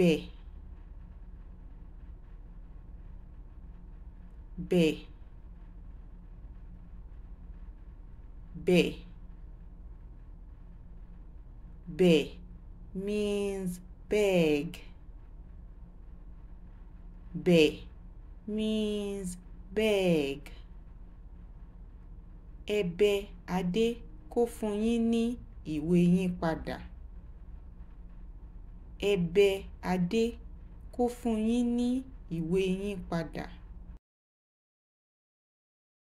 B, B, B, B means beg B means beg ẹ bẹ̀ Adé kó fún ni ní ìwé yín ẹ bẹ adé kó fún yín ní ìwé yín padà